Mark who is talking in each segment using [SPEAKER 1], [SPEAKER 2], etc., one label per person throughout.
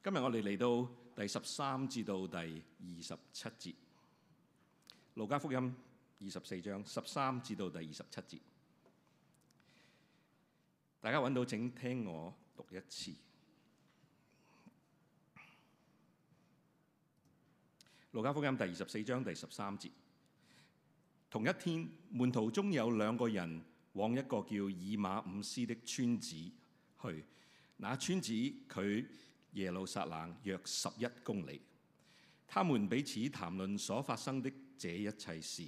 [SPEAKER 1] 今日我哋嚟到第十三至到第二十七節，《路加福音》二十四章十三至到第二十七節，大家揾到，請聽我讀一次《路加福音》第二十四章第十三節。同一天，門徒中有兩個人往一個叫以馬午斯的村子去，那村子佢耶路撒冷約十一公里，他們彼此談論所發生的這一切事。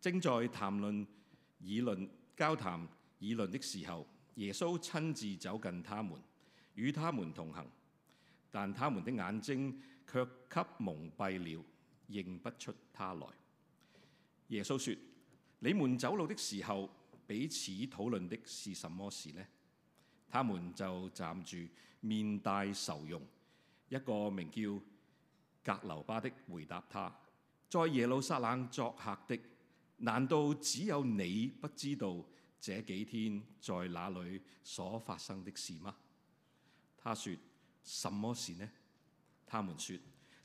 [SPEAKER 1] 正在談論、議論、交談、議論的時候，耶穌親自走近他們，與他們同行，但他們的眼睛卻給蒙蔽了，認不出他來。耶穌說：你們走路的時候，彼此討論的是什麼事呢？他們就站住，面帶愁容。一個名叫格留巴的回答他：在耶路撒冷作客的，難道只有你不知道這幾天在那裡所發生的事嗎？他說：什麼事呢？他們說：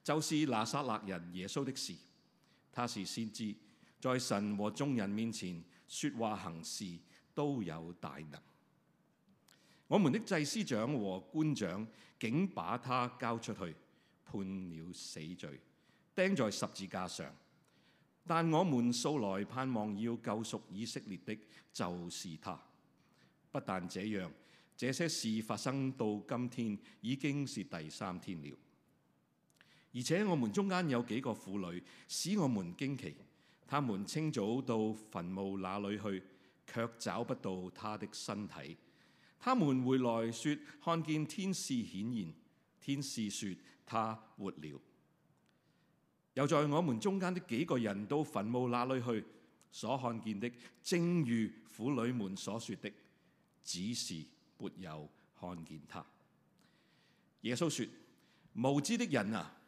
[SPEAKER 1] 就是拿撒勒人耶穌的事。他是先知，在神和眾人面前說話行事都有大能。我們的祭司長和官長竟把他交出去，判了死罪，釘在十字架上。但我們素來盼望要救贖以色列的，就是他。不但這樣，這些事發生到今天已經是第三天了。而且我們中間有幾個婦女使我們驚奇，他們清早到墳墓那裡去，卻找不到他的身體。他們回來說，看見天使顯現。天使說他活了。又在我們中間的幾個人到墳墓那裏去，所看見的正如婦女們所說的，只是沒有看見他。耶穌說：無知的人啊，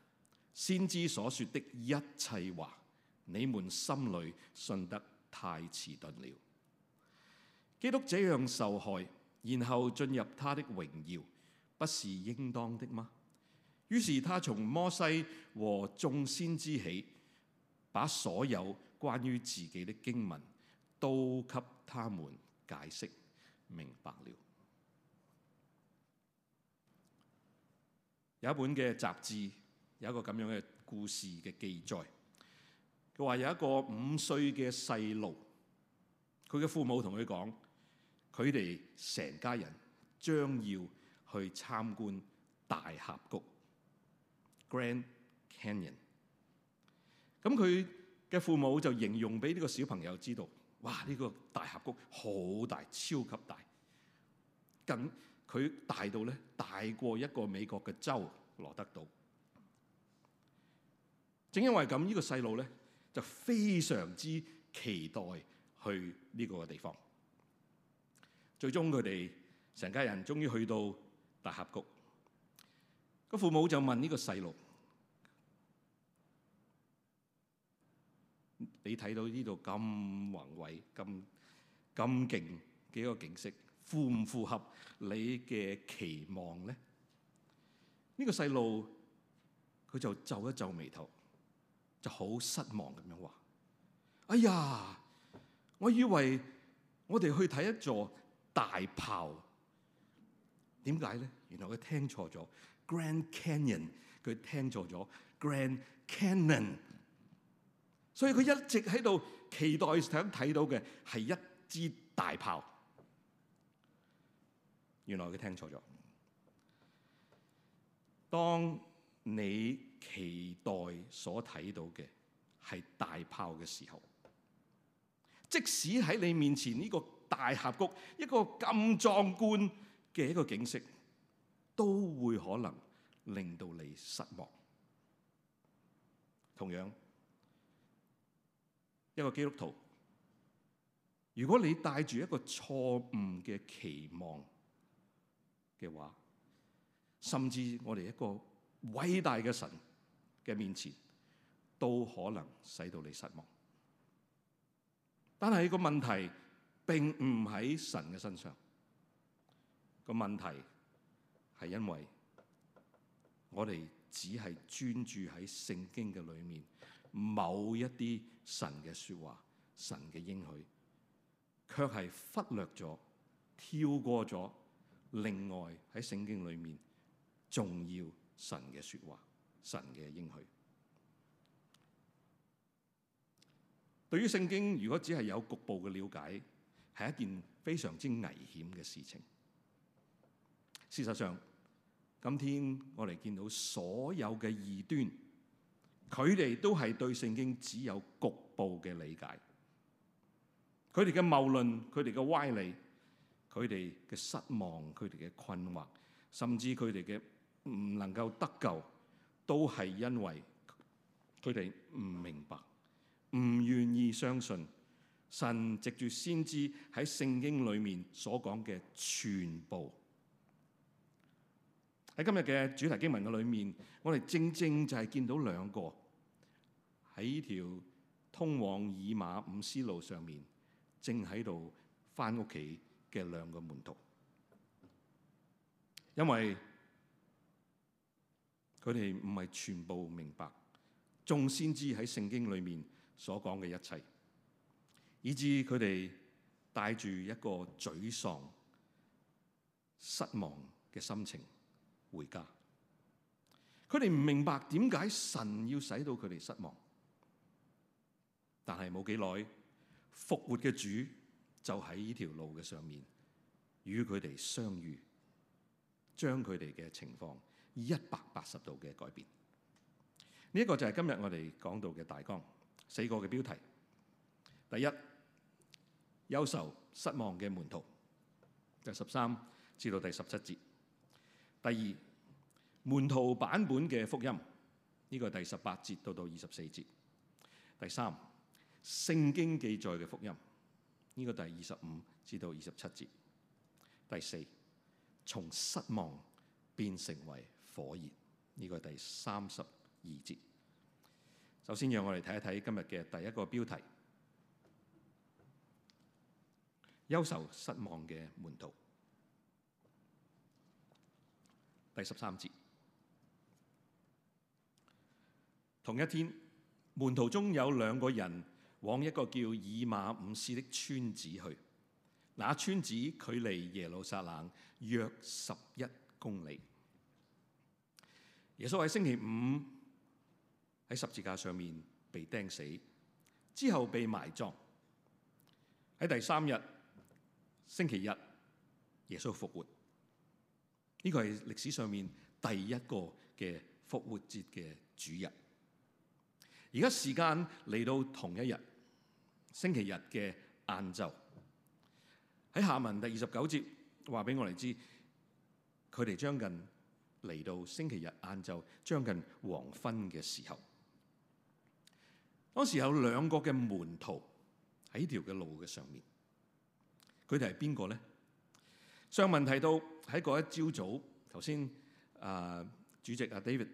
[SPEAKER 1] 先知所說的一切話，你們心裏信得太遲鈍了。基督這樣受害。然後進入他的榮耀，不是應當的嗎？於是他從摩西和眾先知起，把所有關於自己的經文都給他們解釋明白了。有一本嘅雜誌有一個咁樣嘅故事嘅記載，佢話有一個五歲嘅細路，佢嘅父母同佢講。佢哋成家人將要去參觀大峽谷 （Grand Canyon）。咁佢嘅父母就形容俾呢個小朋友知道：哇！呢、呢個大峽谷好大，超級大，咁佢大到咧大過一個美國嘅州——羅德島。正因為咁，呢個、弟弟呢個細路咧就非常之期待去呢個地方。最終佢哋成家人終於去到大峽谷。個父母就問呢個細路：你睇到呢度咁宏偉、咁咁勁嘅一個景色，符唔符合你嘅期望咧？呢、呢個細路佢就皺一皺眉頭，就好失望咁樣話：哎呀，我以為我哋去睇一座。大炮，點解呢？原來佢聽錯咗，Grand Canyon 佢聽錯咗，Grand c a n n o n 所以佢一直喺度期待想睇到嘅係一支大炮。原來佢聽錯咗。當你期待所睇到嘅係大炮嘅時候，即使喺你面前呢、這個。大峽谷一個咁壯觀嘅一個景色，都會可能令到你失望。同樣，一個基督徒，如果你帶住一個錯誤嘅期望嘅話，甚至我哋一個偉大嘅神嘅面前，都可能使到你失望。但係個問題。並唔喺神嘅身上，個問題係因為我哋只係專注喺聖經嘅裏面某一啲神嘅說話、神嘅應許，卻係忽略咗、跳過咗另外喺聖經裏面重要神嘅說話、神嘅應許。對於聖經，如果只係有局部嘅了解，係一件非常之危險嘅事情。事實上，今天我哋見到所有嘅異端，佢哋都係對聖經只有局部嘅理解。佢哋嘅謬論、佢哋嘅歪理、佢哋嘅失望、佢哋嘅困惑，甚至佢哋嘅唔能夠得救，都係因為佢哋唔明白、唔願意相信。神藉住先知喺聖經裏面所講嘅全部，喺今日嘅主題經文嘅裏面，我哋正正就係見到兩個喺呢條通往以馬午斯路上面正喺度返屋企嘅兩個門徒，因為佢哋唔係全部明白眾先知喺聖經裏面所講嘅一切。以至佢哋帶住一個沮喪、失望嘅心情回家。佢哋唔明白點解神要使到佢哋失望，但係冇幾耐復活嘅主就喺呢條路嘅上面與佢哋相遇，將佢哋嘅情況一百八十度嘅改變。呢一個就係今日我哋講到嘅大綱，四個嘅標題，第一。憂愁失望嘅門徒，第十三至到第十七節。第二，門徒版本嘅福音，呢個係第十八節到到二十四節。第三，聖經記載嘅福音，呢個第二十五至到二十七節。第四，從失望變成為火熱，呢個係第三十二節。首先，讓我哋睇一睇今日嘅第一個標題。憂愁失望嘅門徒，第十三節。同一天，門徒中有兩個人往一個叫以馬忤斯的村子去，那村子距離耶路撒冷約十一公里。耶穌喺星期五喺十字架上面被釘死，之後被埋葬喺第三日。星期日，耶穌復活，呢個係歷史上面第一個嘅復活節嘅主日。而家時間嚟到同一日，星期日嘅晏晝，喺下文第二十九節話俾我哋知，佢哋將近嚟到星期日晏晝將近黃昏嘅時候，當時有兩個嘅門徒喺條嘅路嘅上面。佢哋係邊個咧？上文提到喺嗰一朝早，頭先啊主席阿 David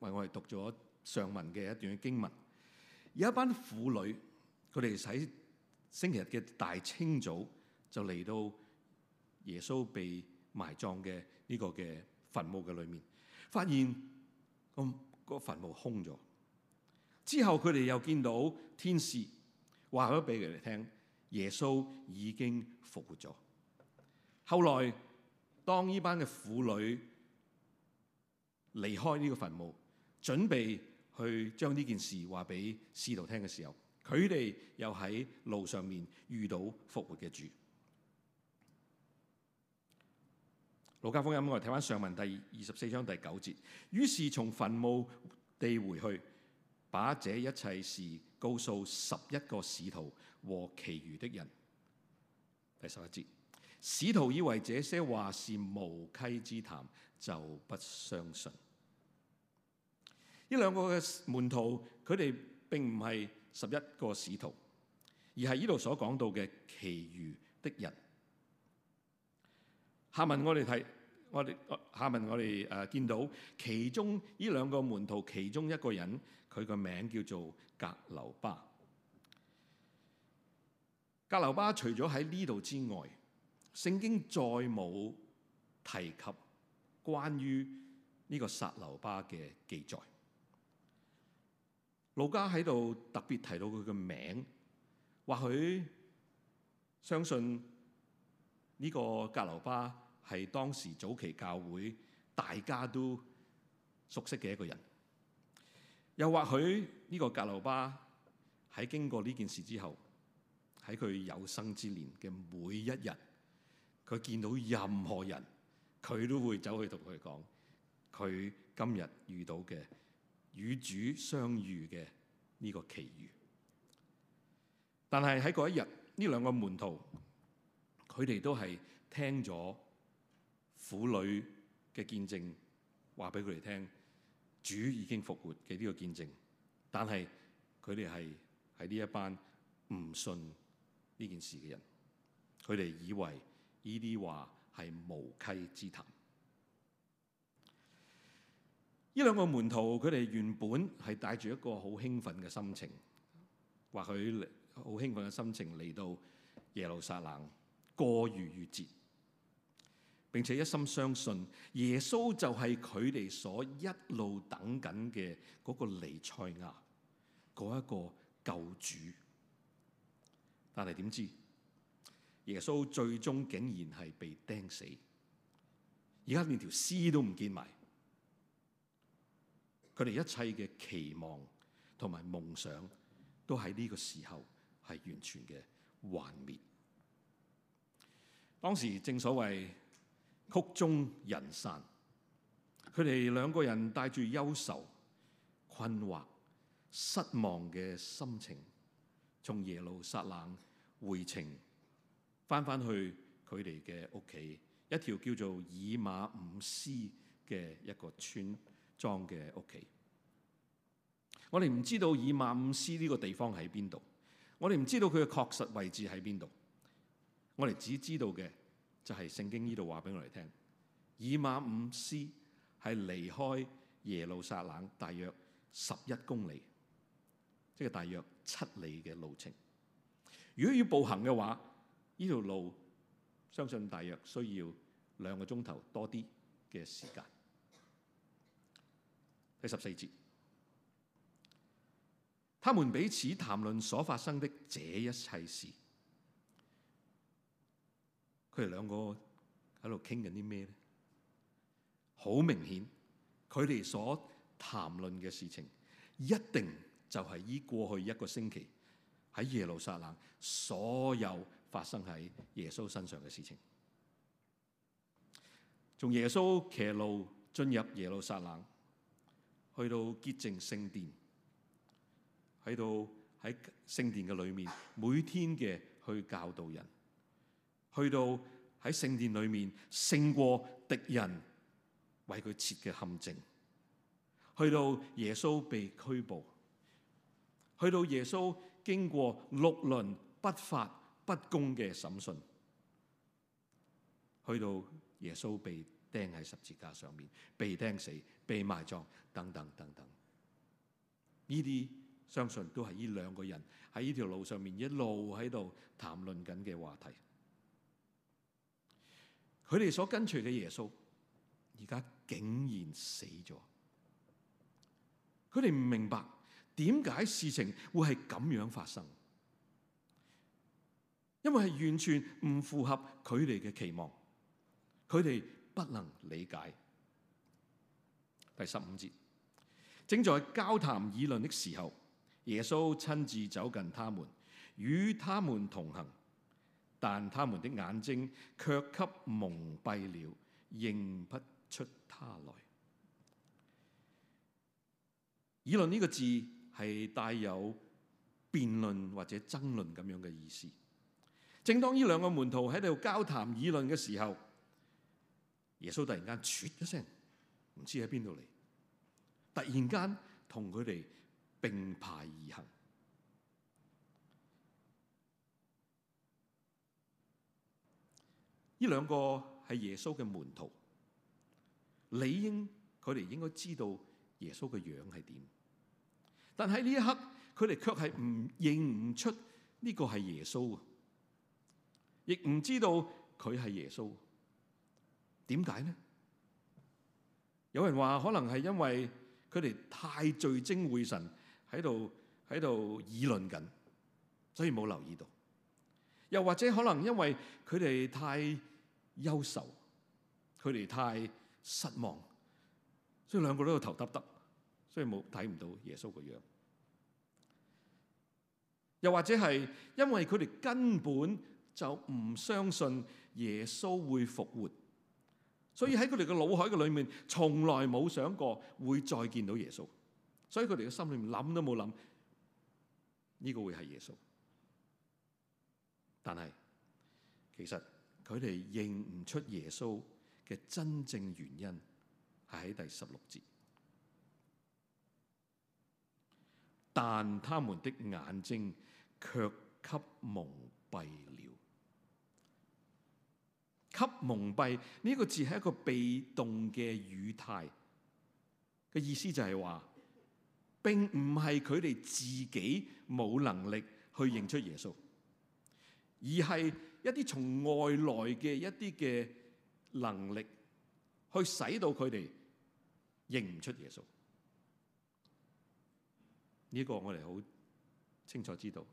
[SPEAKER 1] 為我哋讀咗上文嘅一段經文。有一班婦女，佢哋喺星期日嘅大清早就嚟到耶穌被埋葬嘅呢個嘅墳墓嘅裏面，發現嗰個墳墓空咗。之後佢哋又見到天使話咗俾佢哋聽。耶穌已經復活咗。後來，當呢班嘅婦女離開呢個墳墓，準備去將呢件事話俾使徒聽嘅時候，佢哋又喺路上面遇到復活嘅主。路加福音，我哋睇翻上文第二十四章第九節，於是從墳墓地回去，把這一切事告訴十一個使徒。和其餘的人，第十一節，使徒以為這些話是無稽之談，就不相信。呢兩個嘅門徒，佢哋並唔係十一個使徒，而係呢度所講到嘅其餘的人。下文我哋睇，我哋下文我哋誒、呃、見到，其中呢兩個門徒，其中一個人，佢個名叫做格留巴。革流巴除咗喺呢度之外，聖經再冇提及關於呢個革流巴嘅記載。路加喺度特別提到佢嘅名字，或許相信呢個革流巴係當時早期教會大家都熟悉嘅一個人，又或許呢個革流巴喺經過呢件事之後，喺佢有生之年嘅每一日，佢見到任何人，佢都會走去同佢講，佢今日遇到嘅與主相遇嘅呢個奇遇。但係喺嗰一日，呢兩個門徒，佢哋都係聽咗婦女嘅見證話俾佢哋聽，主已經復活嘅呢個見證，但係佢哋係喺呢一班唔信呢件事嘅人，佢哋以為呢啲話係無稽之談。呢兩個門徒，佢哋原本係帶住一個好興奮嘅心情，或許好興奮嘅心情嚟到耶路撒冷過逾越節，並且一心相信耶穌就係佢哋所一路等緊嘅嗰個尼賽亞，嗰一個救主。但係點知耶穌最終竟然係被釘死，而家連條屍都唔見埋，佢哋一切嘅期望同埋夢想都喺呢個時候係完全嘅幻滅。當時正所謂曲終人散，佢哋兩個人帶住憂愁、困惑、失望嘅心情，從耶路撒冷回程，返返去佢哋嘅屋企，一條叫做以馬午斯嘅一個村莊嘅屋企。我哋唔知道以馬午斯呢個地方喺邊度，我哋唔知道佢嘅確實位置喺邊度。我哋只知道嘅就係聖經呢度話俾我哋聽，以馬午斯係離開耶路撒冷大約十一公里，即係大約。七里嘅路程，如果要步行嘅話，呢條路相信大約需要兩個鐘頭多啲嘅時間。第十四節，他們彼此談論所發生的這一切事，佢哋兩個喺度傾緊啲咩咧？好明顯，佢哋所談論嘅事情一定。就係依過去一個星期喺耶路撒冷所有發生喺耶穌身上嘅事情，從耶穌騎驢進入耶路撒冷，去到潔淨聖殿，喺度喺聖殿嘅裏面每天嘅去教導人，去到喺聖殿裏面勝過敵人為佢設嘅陷阱，去到耶穌被拘捕。去到耶穌經過六輪不法不公嘅審訊，去到耶穌被釘喺十字架上面，被釘死、被埋葬等等等等，呢啲相信都係呢兩個人喺呢條路上面一路喺度談論緊嘅話題。佢哋所跟隨嘅耶穌而家竟然死咗，佢哋唔明白。點解事情會係咁樣發生？因為係完全唔符合佢哋嘅期望，佢哋不能理解。第十五節，正在交談議論的時候，耶穌親自走近他們，與他們同行，但他們的眼睛卻給蒙蔽了，認不出他來。議論呢個字。係帶有辯論或者爭論咁樣嘅意思。正當呢兩個門徒喺度交談議論嘅時候，耶穌突然間，一聲唔知喺邊度嚟，突然間同佢哋並排而行。呢兩個係耶穌嘅門徒，理應佢哋應該知道耶穌嘅樣係點。但喺呢一刻，佢哋卻係唔認唔出呢個係耶穌，亦唔知道佢係耶穌。點解呢？有人話可能係因為佢哋太聚精會神喺度喺度議論緊，所以冇留意到。又或者可能因為佢哋太憂愁，佢哋太失望，所以兩個都喺度頭耷耷，所以冇睇唔到耶穌個樣。又或者係因為佢哋根本就唔相信，耶穌會復活，所以喺佢哋嘅腦海嘅裏面，從來冇想過會再見到耶穌，所以佢哋嘅心裏面諗都冇諗，呢個會係耶穌。但係其實佢哋認唔出耶穌嘅真正原因係喺第十六節，但他們的眼睛。卻給蒙蔽了，給蒙蔽呢個字係一個被動嘅語態，嘅意思就係話並唔係佢哋自己冇能力去認出耶穌，而係一啲從外來嘅一啲嘅能力去使到佢哋認唔出耶穌。呢個我哋好清楚知道。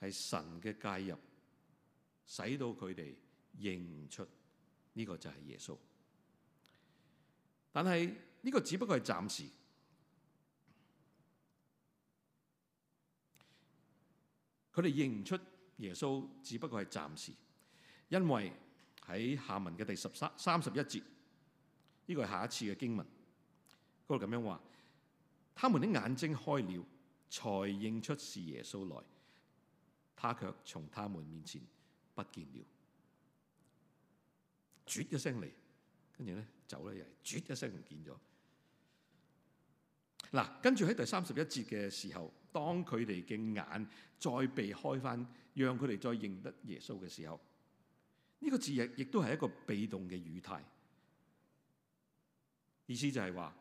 [SPEAKER 1] 係神嘅介入，使到佢哋認出呢個就係耶穌。但係呢個只不過係暫時，佢哋認出耶穌只不過係暫時，因為喺下文嘅第十三三十一節，呢個係下一次嘅經文，嗰度咁樣話：他們的眼睛開了，才認出是耶穌來。他卻從他們面前不見了，啜一聲嚟，跟住咧走咧，又係啜一聲唔見咗。嗱，跟住喺第三十一節嘅時候，當佢哋嘅眼再被開翻，讓佢哋再認得耶穌嘅時候，呢個字亦亦都係一個被動嘅語態，意思就係話，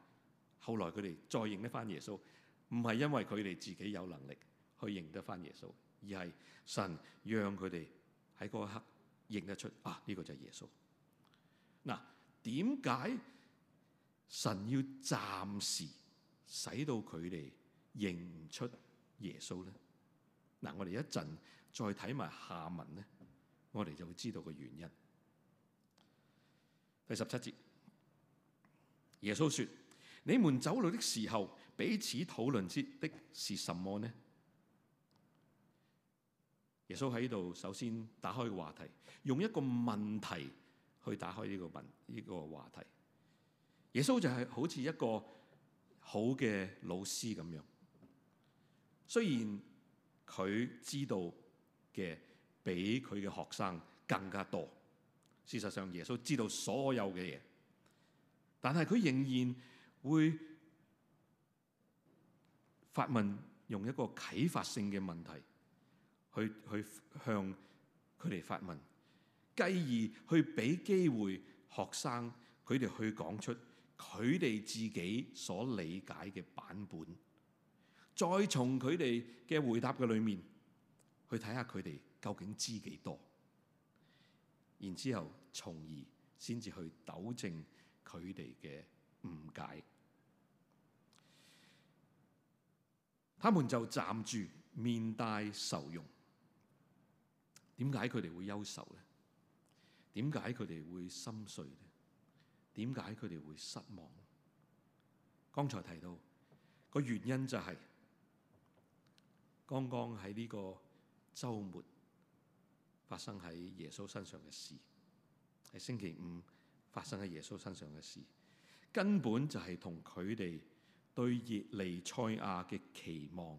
[SPEAKER 1] 後來佢哋再認得翻耶穌，唔係因為佢哋自己有能力去認得翻耶穌。而係神讓佢哋喺嗰一刻認得出啊呢個就係耶穌。嗱、啊，點解神要暫時使到佢哋認唔出耶穌咧？嗱、啊，我哋一陣再睇埋下文咧，我哋就會知道個原因。第十七節，耶穌說：你們走路的時候，彼此討論之的是什麼呢？耶穌喺呢度首先打開個話題，用一個問題去打開呢個問呢個話題。耶穌就係好似一個好嘅老師咁樣，雖然佢知道嘅比佢嘅學生更加多，事實上耶穌知道所有嘅嘢，但係佢仍然會發問，用一個啟發性嘅問題。去去向佢哋發問，繼而去俾機會學生佢哋去講出佢哋自己所理解嘅版本，再從佢哋嘅回答嘅裏面去睇下佢哋究竟知幾多，然之後從而先至去糾正佢哋嘅誤解。他們就站住，面帶愁容。點解佢哋會憂愁咧？點解佢哋會心碎咧？點解佢哋會失望？剛才提到個原因就係，剛剛喺呢個周末發生喺耶穌身上嘅事，喺星期五發生喺耶穌身上嘅事，根本就係同佢哋對耶利賽亞嘅期望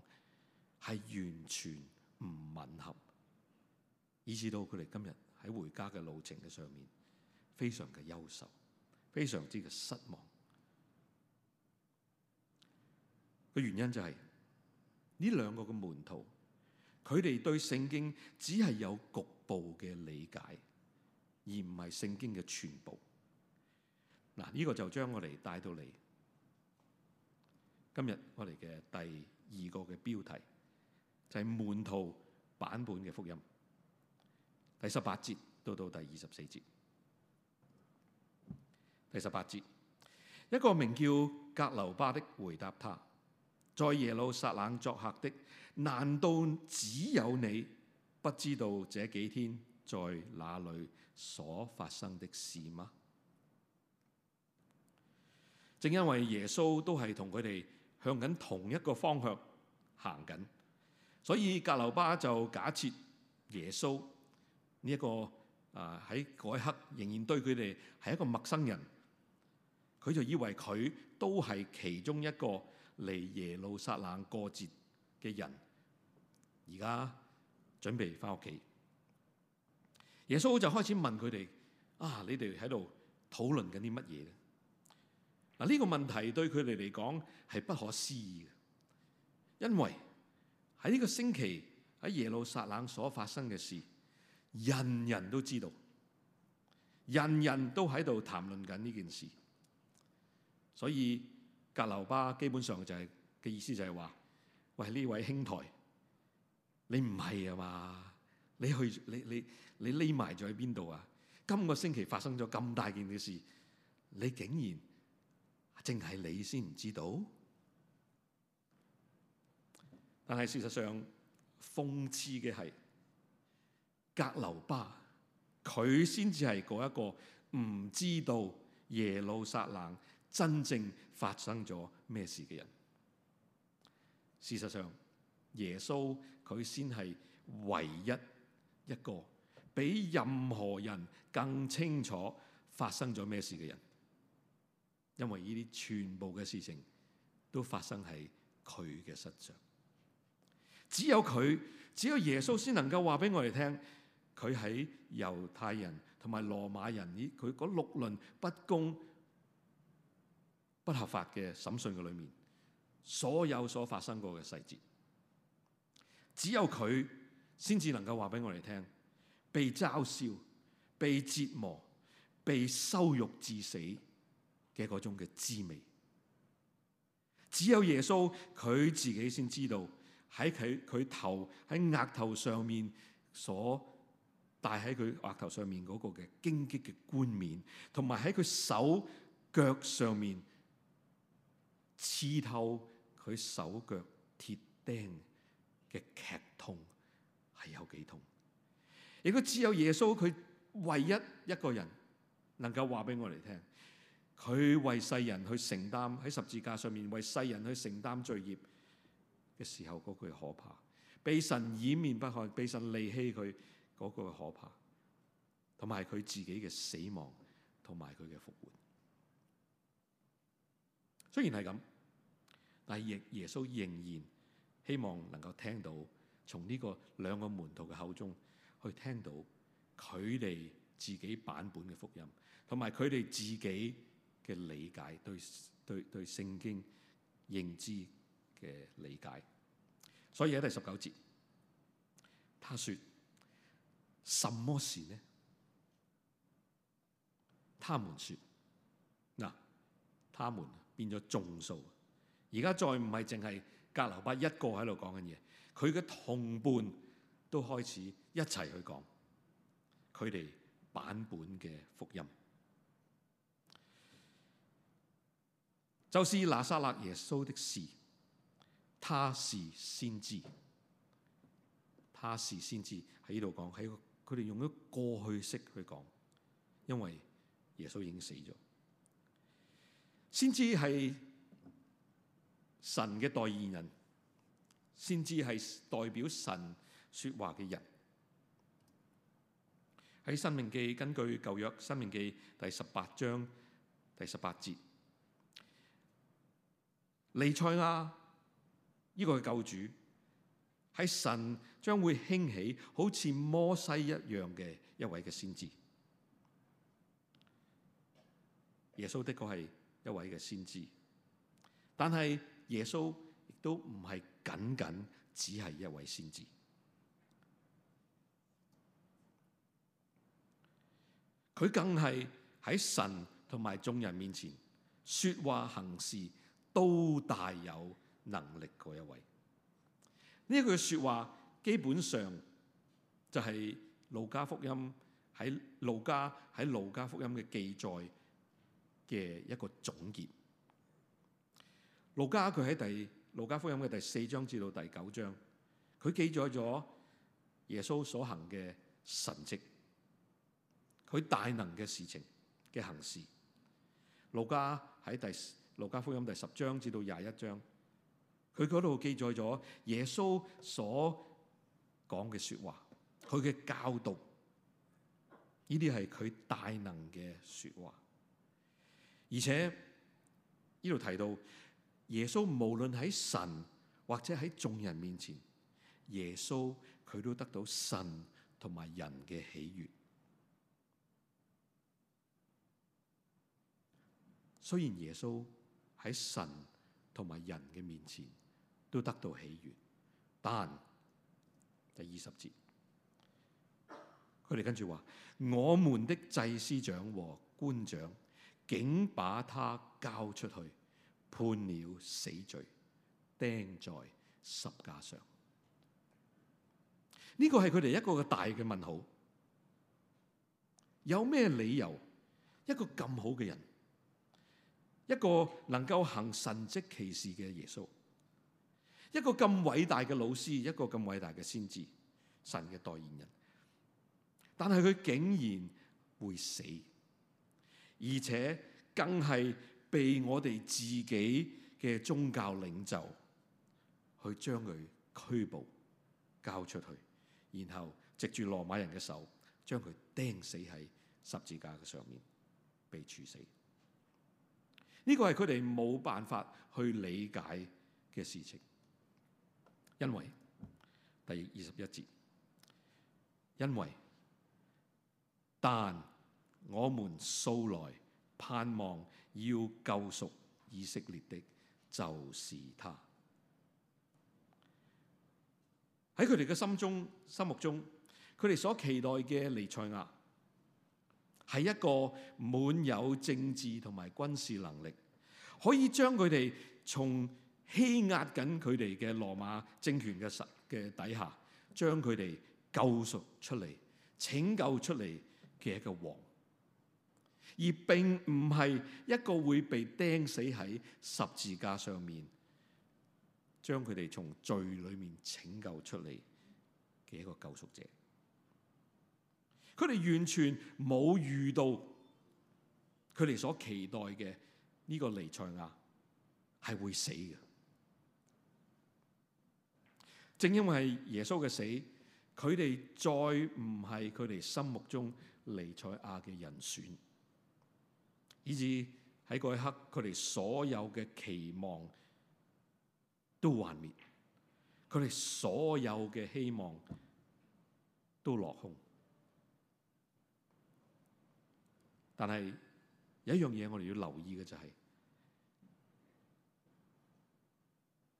[SPEAKER 1] 係完全唔吻合。以至到佢哋今日喺回家嘅路程嘅上面，非常嘅憂愁，非常之嘅失望。個原因就係、是、呢兩個嘅門徒，佢哋對聖經只係有局部嘅理解，而唔係聖經嘅全部。嗱，呢、這個就將我哋帶到嚟今日我哋嘅第二個嘅標題，就係、是、門徒版本嘅福音。第十八節到到第二十四節。第十八節，一個名叫格留巴的回答他：在耶路撒冷作客的，難道只有你不知道這幾天在那裏所發生的事嗎？正因為耶穌都係同佢哋向緊同一個方向行緊，所以格留巴就假設耶穌。呢一個啊，喺嗰一刻仍然對佢哋係一個陌生人，佢就以為佢都係其中一個嚟耶路撒冷過節嘅人，而家準備翻屋企。耶穌就開始問佢哋：「啊，你哋喺度討論緊啲乜嘢呢？」嗱，呢個問題對佢哋嚟講係不可思議嘅，因為喺呢個星期喺耶路撒冷所發生嘅事。人人都知道，人人都喺度談論緊呢件事，所以革流巴基本上就係、是、嘅意思就係話：喂，呢位兄台，你唔係啊嘛？你去你你你匿埋咗喺邊度啊？今個星期發生咗咁大件嘅事，你竟然淨係你先唔知道？但係事實上，諷刺嘅係。格留巴，佢先至係嗰一個唔知道耶路撒冷真正發生咗咩事嘅人。事實上，耶穌佢先係唯一一個比任何人更清楚發生咗咩事嘅人，因為呢啲全部嘅事情都發生喺佢嘅身上。只有佢，只有耶穌先能夠話俾我哋聽。佢喺猶太人同埋羅馬人，佢嗰六輪不公、不合法嘅審訊嘅裏面，所有所發生過嘅細節，只有佢先至能夠話俾我哋聽，被嘲笑、被折磨、被羞辱致死嘅嗰種嘅滋味，只有耶穌佢自己先知道喺佢佢頭喺額頭上面所。戴喺佢額頭上面嗰個嘅荊棘嘅冠冕，同埋喺佢手腳上面刺透佢手腳鐵釘嘅劇痛係有幾痛？如果只有耶穌，佢唯一一個人能夠話俾我哋聽，佢為世人去承擔喺十字架上面為世人去承擔罪孽嘅時候，嗰句可怕，被神掩面不看，被神離棄佢。嗰個可怕，同埋佢自己嘅死亡，同埋佢嘅復活。雖然係咁，但係耶穌仍然希望能夠聽到，從呢個兩個門徒嘅口中去聽到佢哋自己版本嘅福音，同埋佢哋自己嘅理解，對，對，對聖經認知嘅理解。所以喺第十九節，他說：什麼事呢？他們說：嗱，他們變咗眾數，而家再唔係淨係革流巴一個喺度講緊嘢，佢嘅同伴都開始一齊去講佢哋版本嘅福音，就是拿撒勒耶穌的事，他是先知，他是先知喺度講喺。佢哋用咗過去式去講，因為耶穌已經死咗，先知係神嘅代言人，先知係代表神說話嘅人。喺申命記根據舊約，申命記第十八章第十八節，彌賽亞呢個係救主。喺神將會興起好似摩西一樣嘅一位嘅先知，耶穌的確係一位嘅先知，但係耶穌亦都唔係僅僅只係一位先知，佢更係喺神同埋眾人面前說話行事都大有能力嗰一位。呢句説話基本上就係路加福音，喺路加，喺路加福音嘅記載嘅一個總結。路加佢喺第，路加福音嘅第四章至到第九章，佢記載咗耶穌所行嘅神跡，佢大能嘅事情嘅行事。路加喺第，路加福音第十章至到廿一章。佢嗰度記載咗耶穌所講嘅説話，佢嘅教導，呢啲係佢大能嘅説話。而且呢度提到，耶穌無論喺神或者喺眾人面前，耶穌佢都得到神同埋人嘅喜悅。雖然耶穌喺神同埋人嘅面前，都得到喜悦，但第二十節，佢哋跟住話：我們的祭司長和官長竟把他交出去，判了死罪，釘在十架上。呢、這個係佢哋一個嘅大嘅問號。有咩理由？一個咁好嘅人，一個能夠行神迹奇事嘅耶穌？一個咁偉大嘅老師，一個咁偉大嘅先知，神嘅代言人，但係佢竟然會死，而且更係被我哋自己嘅宗教領袖去將佢拘捕交出去，然後藉住羅馬人嘅手將佢釘死喺十字架嘅上面，被處死。呢個係佢哋冇辦法去理解嘅事情。因為第二十一節，因為但我們素來盼望要救贖以色列的，就是他。喺佢哋嘅心中、心目中，佢哋所期待嘅彌賽亞，係一個滿有政治同埋軍事能力，可以將佢哋從欺壓緊佢哋嘅羅馬政權嘅實嘅底下，將佢哋救贖出嚟、拯救出嚟嘅一個王，而並唔係一個會被釘死喺十字架上面，將佢哋從罪裏面拯救出嚟嘅一個救贖者。佢哋完全冇遇到佢哋所期待嘅呢個彌賽亞係會死嘅。正因為耶穌嘅死，佢哋再唔係佢哋心目中彌賽亞嘅人選，以至喺嗰一刻，佢哋所有嘅期望都幻滅，佢哋所有嘅希望都落空。但係有一樣嘢我哋要留意嘅就係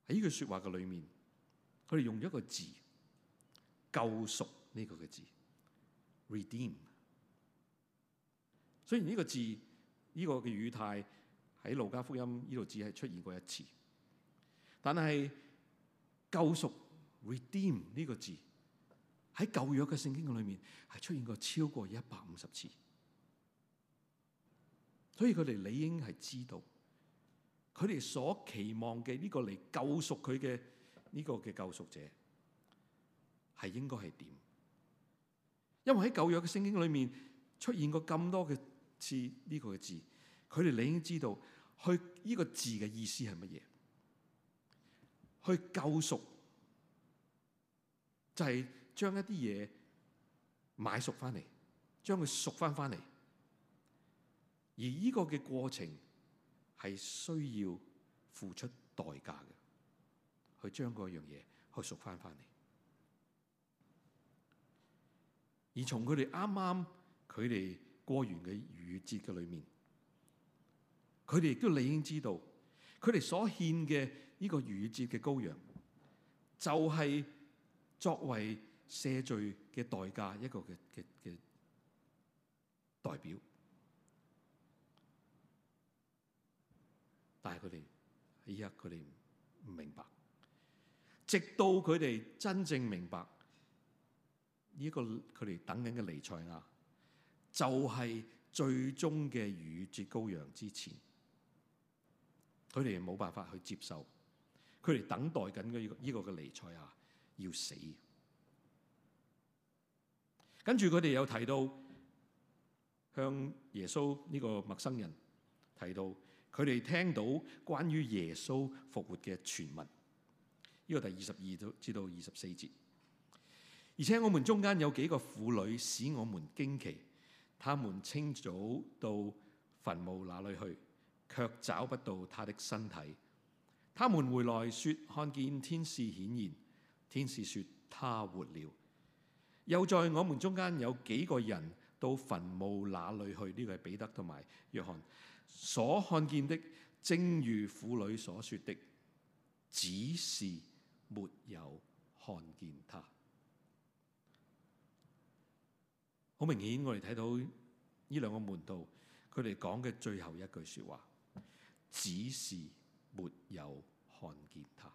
[SPEAKER 1] 喺呢句說話嘅裏面。佢哋用咗一個字救贖，呢個嘅字 redeem。雖然呢個字呢個嘅語態喺路加福音呢度只係出現過一次，但係救贖 redeem 呢個字喺舊約嘅聖經裏面係出現過超過一百五十次。所以佢哋理應係知道，佢哋所期望嘅呢個嚟救贖佢嘅。呢個嘅救贖者係應該係點？因為喺舊約嘅聖經裏面出現過咁多嘅次，呢個嘅字，佢哋理應已經知道，去呢個字嘅意思係乜嘢？去救贖，就係、是、將一啲嘢買贖翻嚟，將佢贖翻翻嚟，而呢個嘅過程係需要付出代價嘅。去將嗰樣嘢去熟翻翻嚟，而從佢哋啱啱佢哋過完嘅逾越節嘅裏面，佢哋亦都理應知道，佢哋所獻嘅呢個逾越節嘅羔羊，就係作為赦罪嘅代價一個嘅嘅嘅代表，但係佢哋依家佢哋唔明白。直到佢哋真正明白呢、這個佢哋等緊嘅彌賽亞，就係、是、最終嘅逾越羔羊之前，佢哋冇辦法去接受，佢哋等待緊嘅呢個呢個嘅彌賽亞要死。跟住佢哋有提到向耶穌呢個陌生人提到，佢哋聽到關於耶穌復活嘅傳聞。呢個第二十二到至到二十四節，而且我們中間有幾個婦女使我們驚奇，他們清早到墳墓那裡去，卻找不到她的身體。他們回來說，看見天使顯現，天使說她活了。又在我們中間有幾個人到墳墓那裡去，呢、這個係彼得同埋約翰所看見的，正如婦女所說的，只是。沒有看見他，好明顯，我哋睇到呢兩個門徒佢哋講嘅最後一句説話，只是沒有看見他。呢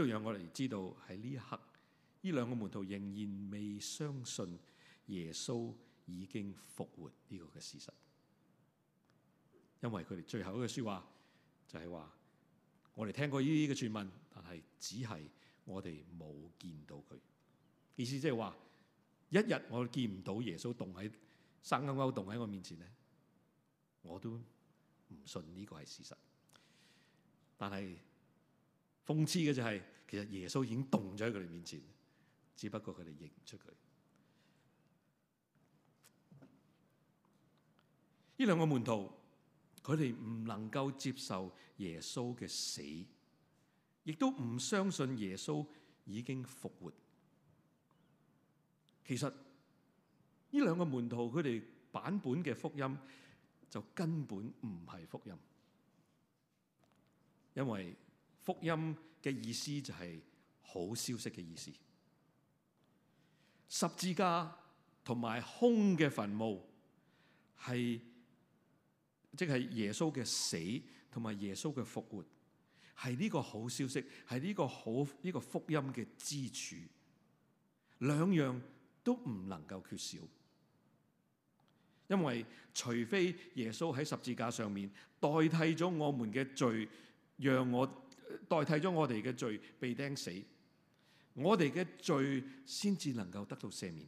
[SPEAKER 1] 個讓我哋知道喺呢一刻，呢兩個門徒仍然未相信耶穌已經復活呢個嘅事實，因為佢哋最後一句説話。就係話，我哋聽過呢啲嘅傳聞，但係只係我哋冇見到佢。意思即係話，一日我見唔到耶穌動喺生勾勾動喺我面前咧，我都唔信呢個係事實。但係諷刺嘅就係，其實耶穌已經動咗喺佢哋面前，只不過佢哋認唔出佢。呢兩個門徒。佢哋唔能夠接受耶穌嘅死，亦都唔相信耶穌已經復活。其實呢兩個門徒，佢哋版本嘅福音就根本唔係福音，因為福音嘅意思就係好消息嘅意思。十字架同埋空嘅墳墓係。即係耶穌嘅死同埋耶穌嘅復活，係呢個好消息，係呢個好呢個福音嘅支柱。兩樣都唔能夠缺少，因為除非耶穌喺十字架上面代替咗我們嘅罪，讓我代替咗我哋嘅罪被釘死，我哋嘅罪先至能夠得到赦免。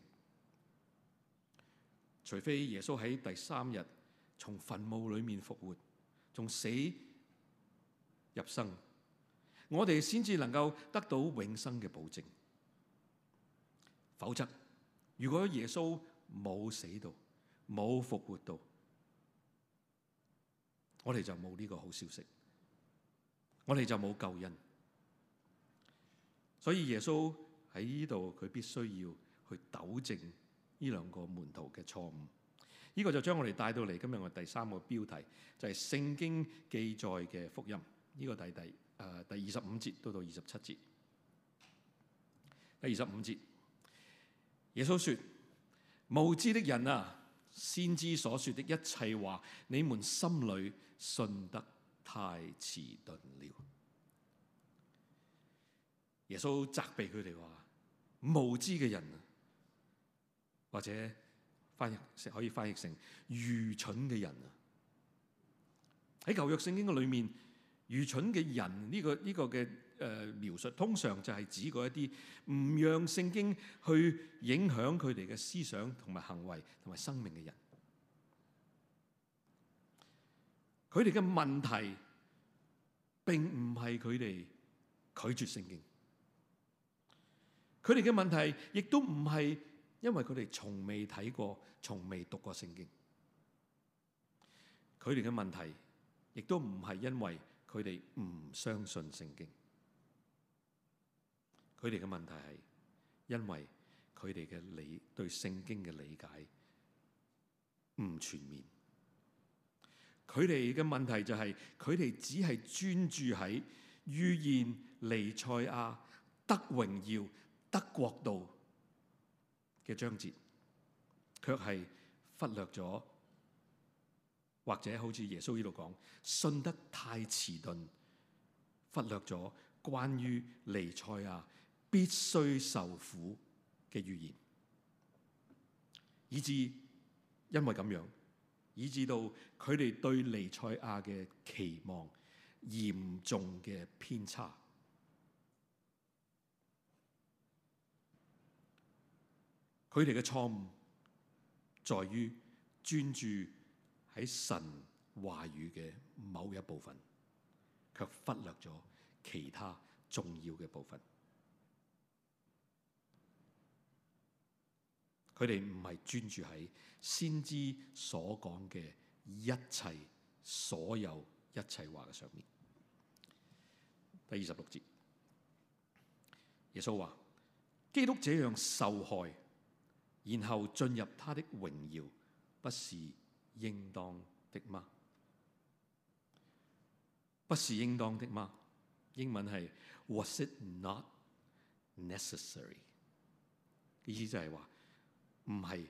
[SPEAKER 1] 除非耶穌喺第三日。從墳墓裏面復活，從死入生，我哋先至能夠得到永生嘅保證。否則，如果耶穌冇死到，冇復活到，我哋就冇呢個好消息，我哋就冇救恩。所以耶穌喺呢度，佢必須要去糾正呢兩個門徒嘅錯誤。呢個就將我哋帶到嚟，今日嘅第三個標題就係聖經記載嘅福音。呢個第第誒第二十五節到到二十七節。第二十五節，耶穌說：無知的人啊，先知所説的一切話，你們心裏信得太遲鈍了。耶穌責備佢哋話：無知嘅人啊，或者。翻譯成可以翻譯成愚蠢嘅人啊！喺舊約聖經嘅裏面，愚蠢嘅人呢、呢個呢、呢個嘅誒、呃、描述，通常就係指嗰一啲唔讓聖經去影響佢哋嘅思想同埋行為同埋生命嘅人。佢哋嘅問題，並唔係佢哋拒絕聖經。佢哋嘅問題，亦都唔係。因為佢哋從未睇過，從未讀過聖經。佢哋嘅問題，亦都唔係因為佢哋唔相信聖經。佢哋嘅問題係，因為佢哋嘅理性對聖經嘅理解唔全面。佢哋嘅問題就係、是，佢哋只係專注喺預言、彌賽亞、得榮耀、得國度。嘅章節，卻係忽略咗，或者好似耶穌呢度講，信得太遲鈍，忽略咗關於彌賽亞必須受苦嘅預言，以至因為咁樣，以至到佢哋對彌賽亞嘅期望嚴重嘅偏差。佢哋嘅錯誤在於專注喺神話語嘅某一部分，卻忽略咗其他重要嘅部分。佢哋唔係專注喺先知所講嘅一切、所有一切話嘅上面。第二十六節，耶穌話：基督這樣受害。然後進入他的榮耀，不是應當的嗎？不是應當的嗎？英文係 Was it not necessary？意思就係話唔係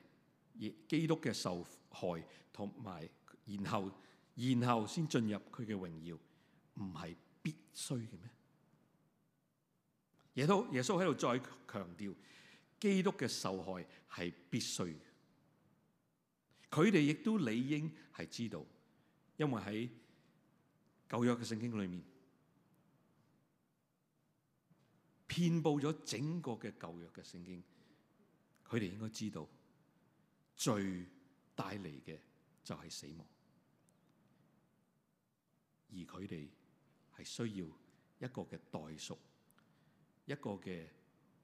[SPEAKER 1] 基督嘅受害同埋，然後然後先進入佢嘅榮耀，唔係必須嘅咩？耶穌耶穌喺度再強調。基督嘅受害係必須嘅，佢哋亦都理應係知道，因為喺舊約嘅聖經裏面，遍布咗整個嘅舊約嘅聖經，佢哋應該知道罪帶嚟嘅就係死亡，而佢哋係需要一個嘅代贖，一個嘅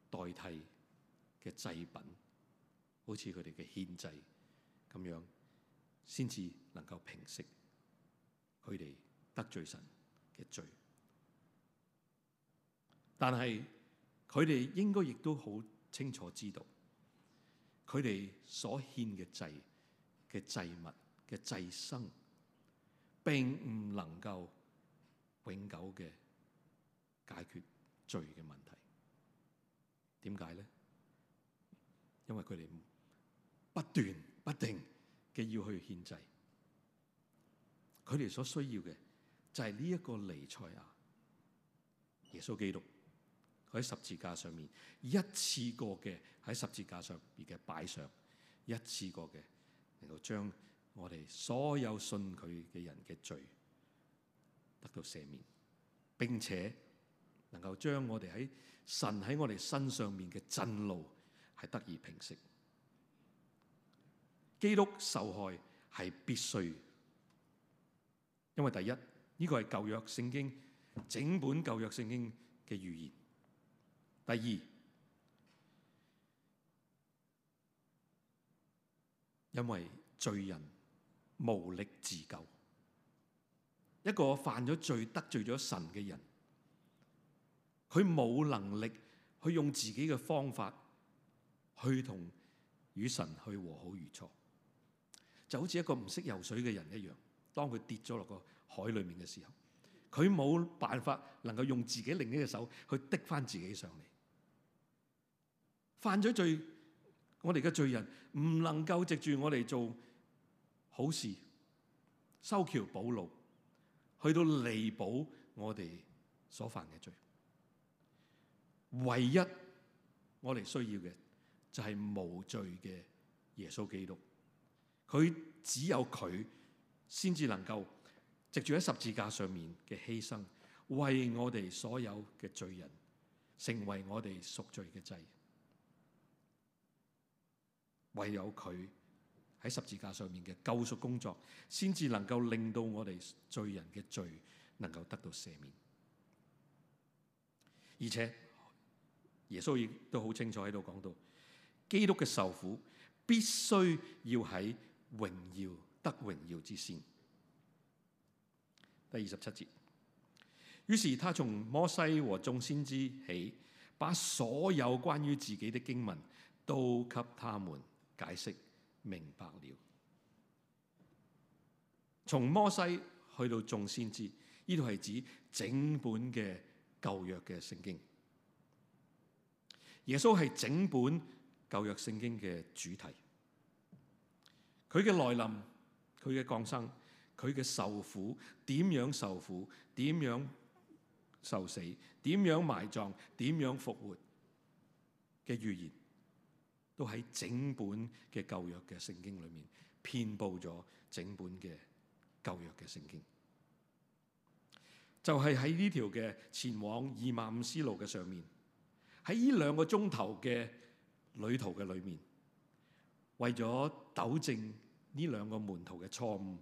[SPEAKER 1] 代替。嘅祭品，好似佢哋嘅獻祭咁樣，先至能夠平息佢哋得罪神嘅罪。但係佢哋應該亦都好清楚知道，佢哋所獻嘅祭嘅祭物嘅祭牲，並唔能夠永久嘅解決罪嘅問題。點解咧？因為佢哋不斷不停嘅要去獻祭，佢哋所需要嘅就係呢一個彌賽亞耶穌基督，佢喺十字架上面一次過嘅喺十字架上面嘅擺上，一次過嘅能夠將我哋所有信佢嘅人嘅罪得到赦免，並且能夠將我哋喺神喺我哋身上面嘅震怒。係得以平息。基督受害係必須，因為第一，呢個係舊約聖經整本舊約聖經嘅預言；第二，因為罪人無力自救，一個犯咗罪、得罪咗神嘅人，佢冇能力去用自己嘅方法。去同與神去和好如初，就好似一個唔識游水嘅人一樣。當佢跌咗落個海裡面嘅時候，佢冇辦法能夠用自己另一隻手去滴返自己上嚟。犯咗罪，我哋嘅罪人唔能夠藉住我哋做好事、修橋補路，去到彌補我哋所犯嘅罪。唯一我哋需要嘅，就係無罪嘅耶穌基督，佢只有佢先至能夠藉住喺十字架上面嘅犧牲，為我哋所有嘅罪人成為我哋贖罪嘅祭。唯有佢喺十字架上面嘅救贖工作，先至能夠令到我哋罪人嘅罪能夠得到赦免。而且耶穌亦都好清楚喺度講到。基督嘅受苦必須要喺榮耀得榮耀之先。第二十七節，於是他從摩西和眾先知起，把所有關於自己的經文都給他們解釋明白了。從摩西去到眾先知，呢度係指整本嘅舊約嘅聖經。耶穌係整本。舊約聖經嘅主題，佢嘅來臨，佢嘅降生，佢嘅受苦，點樣受苦，點樣受死，點樣埋葬，點樣復活嘅預言，都喺整本嘅舊約嘅聖經裏面遍佈咗整本嘅舊約嘅聖經，就係喺呢條嘅前往以馬午斯路嘅上面，喺呢兩個鐘頭嘅旅途嘅裏面，為咗糾正呢兩個門徒嘅錯誤，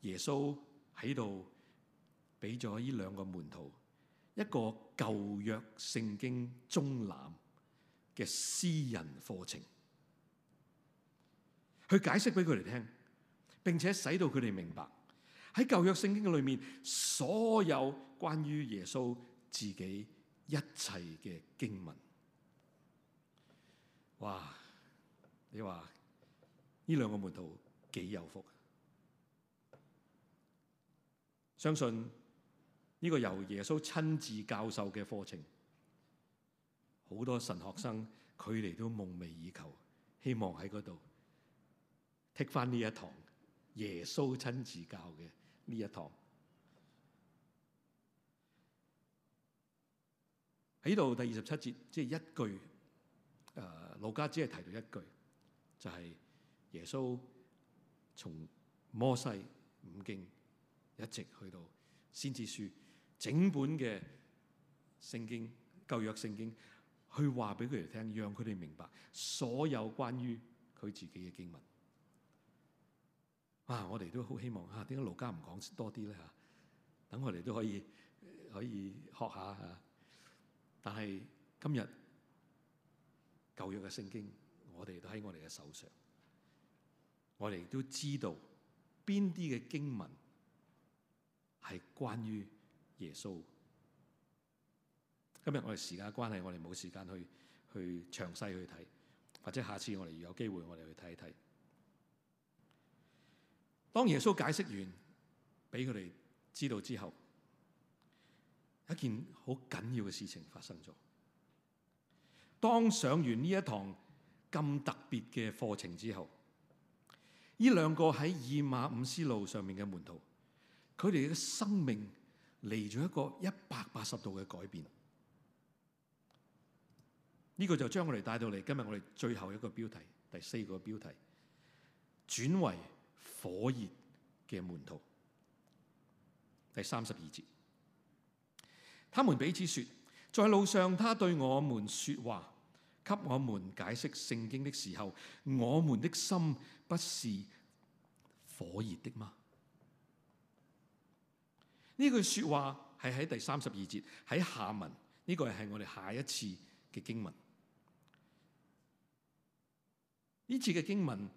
[SPEAKER 1] 耶穌喺度俾咗呢兩個門徒一個舊約聖經綜覽嘅私人課程，去解釋俾佢哋聽，並且使到佢哋明白喺舊約聖經嘅裏面，所有關於耶穌自己一切嘅經文。哇！你話呢兩個門徒幾有福？相信呢個由耶穌親自教授嘅課程，好多神學生佢哋都夢寐以求，希望喺嗰度 take 翻呢一堂耶穌親自教嘅呢一堂。喺度第二十七節，即係一句誒。呃路加只係提到一句，就係、是、耶穌從摩西五經一直去到先知書，整本嘅聖經舊約聖經去話俾佢哋聽，讓佢哋明白所有關於佢自己嘅經文。啊，我哋都好希望啊，點解路加唔講多啲咧？吓、啊，等我哋都可以可以學下啊。但係今日。舊約嘅聖經，我哋都喺我哋嘅手上，我哋都知道邊啲嘅經文係關於耶穌。今日我哋時間關係，我哋冇時間去去詳細去睇，或者下次我哋如有機會，我哋去睇一睇。當耶穌解釋完，俾佢哋知道之後，一件好緊要嘅事情發生咗。當上完呢一堂咁特別嘅課程之後，呢兩個喺以馬午斯路上面嘅門徒，佢哋嘅生命嚟咗一個一百八十度嘅改變。呢、這個就將我哋帶到嚟今日我哋最後一個標題，第四個標題，轉為火熱嘅門徒。第三十二節，他們彼此説。在路上，他對我們說話，給我們解釋聖經的時候，我們的心不是火熱的嗎？呢句說話係喺第三十二節，喺下文呢、這個係我哋下一次嘅經文。呢次嘅經文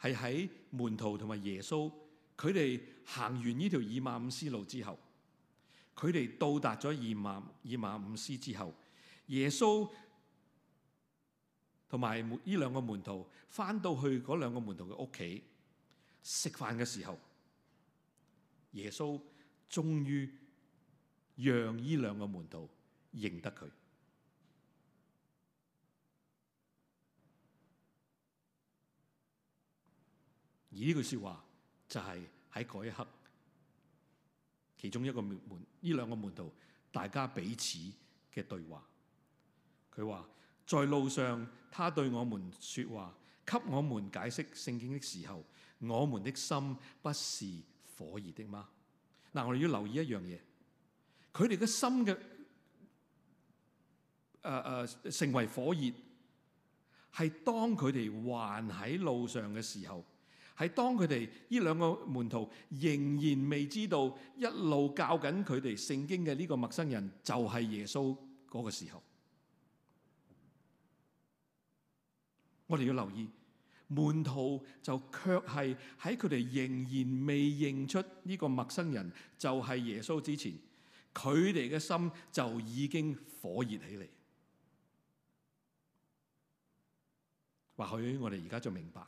[SPEAKER 1] 係喺門徒同埋耶穌，佢哋行完呢條以馬午斯路之後。佢哋到達咗以馬，以馬午斯之後，耶穌同埋呢兩個門徒返到去嗰兩個門徒嘅屋企食飯嘅時候，耶穌終於讓呢兩個門徒認得佢。而呢句説話就係喺嗰一刻。其中一個門呢，依兩個門徒，大家彼此嘅對話。佢話：在路上，他對我們説話，給我們解釋聖經的時候，我們的心不是火熱的嗎？嗱，نا, 我哋要留意一樣嘢，佢哋嘅心嘅誒誒成為火熱，係當佢哋還喺路上嘅時候。喺當佢哋呢兩個門徒仍然未知道一路教緊佢哋聖經嘅呢個陌生人就係耶穌嗰個時候，我哋要留意門徒就卻係喺佢哋仍然未認出呢個陌生人就係耶穌之前，佢哋嘅心就已經火熱起嚟。或許我哋而家就明白。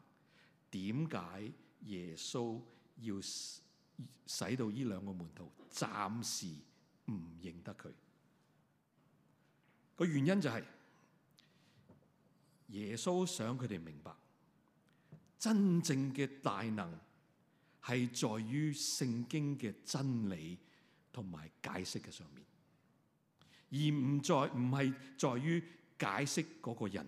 [SPEAKER 1] 點解耶穌要使到呢兩個門徒暫時唔認得佢？個原因就係耶穌想佢哋明白，真正嘅大能係在於聖經嘅真理同埋解釋嘅上面，而唔在唔係在於解釋嗰個人。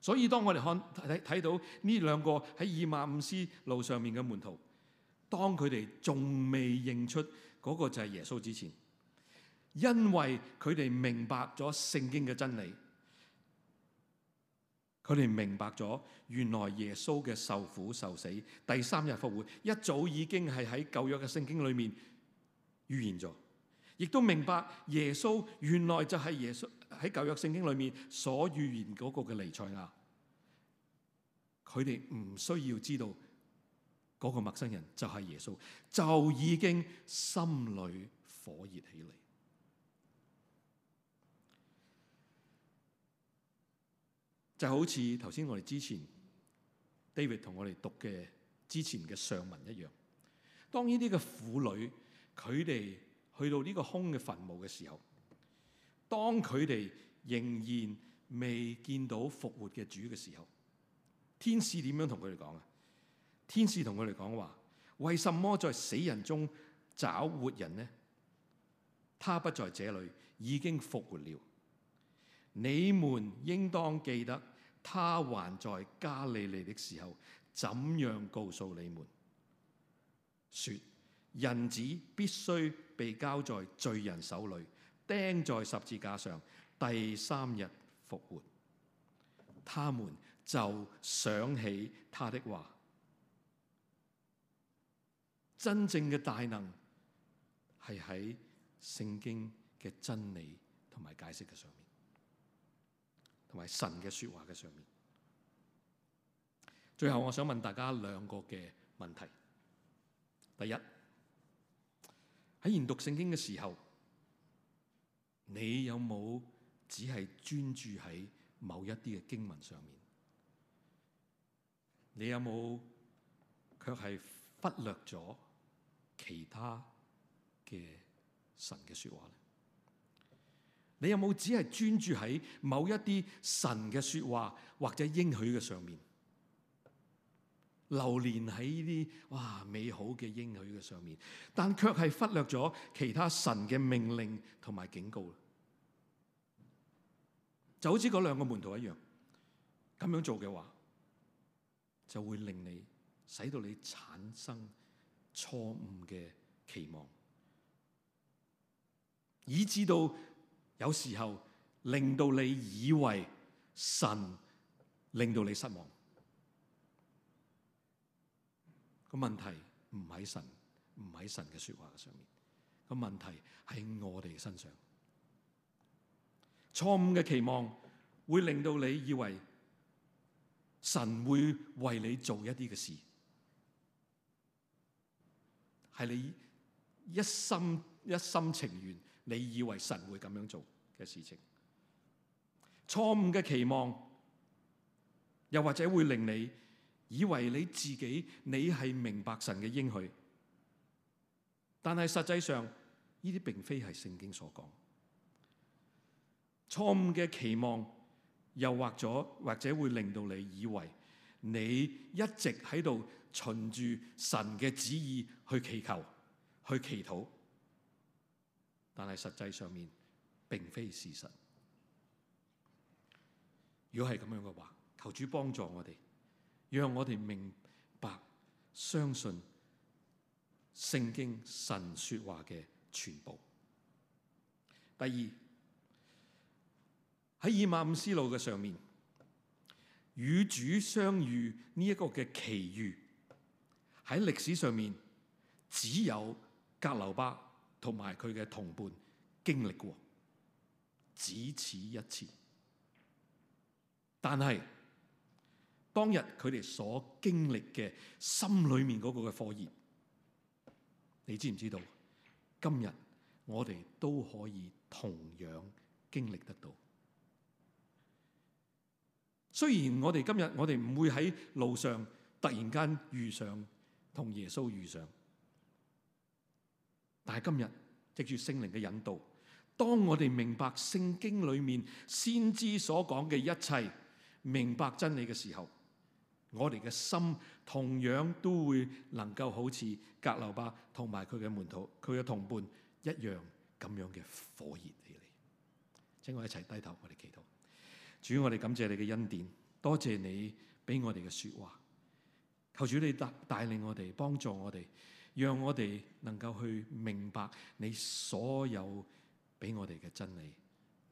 [SPEAKER 1] 所以，當我哋看睇睇到呢兩個喺以馬午斯路上面嘅門徒，當佢哋仲未認出嗰、嗰個就係耶穌之前，因為佢哋明白咗聖經嘅真理，佢哋明白咗原來耶穌嘅受苦受死、第三日復活，一早已經係喺舊約嘅聖經裏面預言咗，亦都明白耶穌原來就係耶穌。喺舊約聖經裏面所預言嗰個嘅彌賽亞，佢哋唔需要知道嗰個陌生人就係耶穌，就已經心裏火熱起嚟，就好似頭先我哋之前 David 同我哋讀嘅之前嘅上文一樣。當呢啲嘅婦女佢哋去到呢個空嘅墳墓嘅時候。當佢哋仍然未見到復活嘅主嘅時候，天使點樣同佢哋講呀？天使同佢哋講話：為什麼在死人中找活人呢？他不在這裡，已經復活了。你們應當記得，他還在加利利的時候，怎樣告訴你們？說人子必須被交在罪人手裏，釘在十字架上，第三日復活，他們就想起他的話。真正嘅大能係喺聖經嘅真理同埋解釋嘅上面，同埋神嘅說話嘅上面。最後，我想問大家兩個嘅問題：第一，喺研讀聖經嘅時候。你有冇只係專注喺某一啲嘅經文上面？你有冇卻係忽略咗其他嘅神嘅説話咧？你有冇只係專注喺某一啲神嘅説話，或者應許嘅上面？流連喺呢啲哇美好嘅應許嘅上面，但卻係忽略咗其他神嘅命令同埋警告。就好似嗰兩個門徒一樣，咁樣做嘅話，就會令你使到你產生錯誤嘅期望，以致到有時候令到你以為神令到你失望。個問題唔喺神，唔喺神嘅說話上面。個問題喺我哋身上，錯誤嘅期望會令到你以為神會為你做一啲嘅事，係你一心一心情願，你以為神會咁樣做嘅事情。錯誤嘅期望又或者會令你。以為你自己你係明白神嘅應許，但係實際上呢啲並非係聖經所講。錯誤嘅期望又或者，或者會令到你以為你一直喺度循住神嘅旨意去祈求、去祈禱，但係實際上面並非事實。如果係咁樣嘅話，求主幫助我哋。讓我哋明白、相信聖經神說話嘅全部。第二，喺以馬午斯路嘅上面，與主相遇呢一個嘅奇遇喺歷史上面，只有格留巴同埋佢嘅同伴經歷過，只此一次。但係。當日佢哋所經歷嘅心裏面嗰個嘅火焰，你知唔知道？今日我哋都可以同樣經歷得到。雖然我哋今日我哋唔會喺路上突然間遇上同耶穌遇上，但係今日藉住聖靈嘅引導，當我哋明白聖經裏面先知所講嘅一切，明白真理嘅時候。我哋嘅心同樣都會能夠好似革流巴同埋佢嘅門徒，佢嘅同伴一樣咁樣嘅火熱起嚟。請我一齊低頭，我哋祈禱。主，我哋感謝你嘅恩典，多謝你俾我哋嘅說話。求主你帶帶領我哋，幫助我哋，讓我哋能夠去明白你所有俾我哋嘅真理，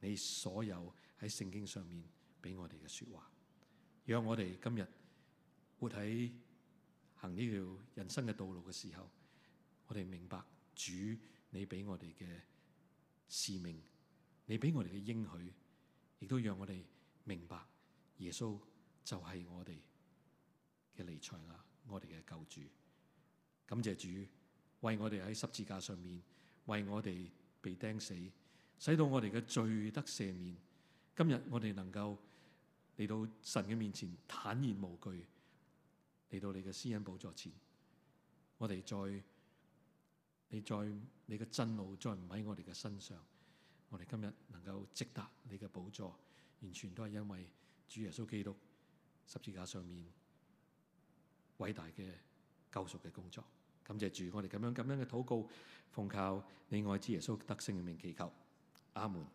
[SPEAKER 1] 你所有喺聖經上面俾我哋嘅說話，讓我哋今日。活喺行呢條人生嘅道路嘅時候，我哋明白主你俾我哋嘅使命，你俾我哋嘅應許，亦都讓我哋明白耶穌就係我哋嘅理財啦，我哋嘅救主。感謝主為我哋喺十字架上面，為我哋被釘死，使到我哋嘅罪得赦免。今日我哋能夠嚟到神嘅面前坦然無懼。嚟到你嘅施恩寶座前，我哋再你再你嘅震怒再唔喺我哋嘅身上，我哋今日能夠直達你嘅寶座，完全都係因為主耶穌基督十字架上面偉大嘅救贖嘅工作。感謝主，我哋咁樣咁樣嘅禱告，奉靠你愛子耶穌得勝嘅名祈求，阿門。